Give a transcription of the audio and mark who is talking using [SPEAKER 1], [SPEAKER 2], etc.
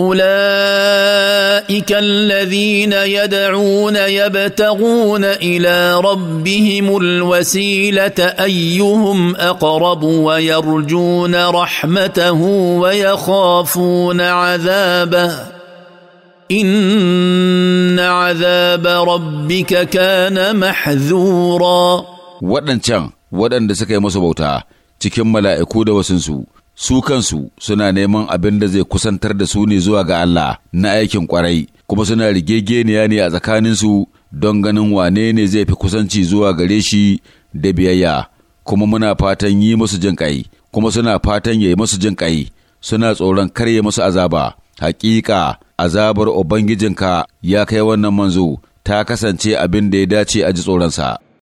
[SPEAKER 1] اولئك الذين يدعون يبتغون الى ربهم الوسيله ايهم اقرب ويرجون رحمته ويخافون عذابه ان عذاب ربك كان محذورا
[SPEAKER 2] ودن waɗanda ودن yi masu bauta cikin mala'iku da wasunsu su kansu suna neman abin da zai kusantar da su ne zuwa ga Allah na aikin kwarai kuma suna rigegeniya ne a tsakaninsu don ganin wane ne zai fi kusanci zuwa gare shi da biyayya kuma muna fatan yi musu jin kai kuma suna fatan yi musu jin kai suna tsoron karye musu azaba hakika azabar ubangijinka ya kai wannan manzo ta kasance
[SPEAKER 3] abin da ya dace a ji tsoronsa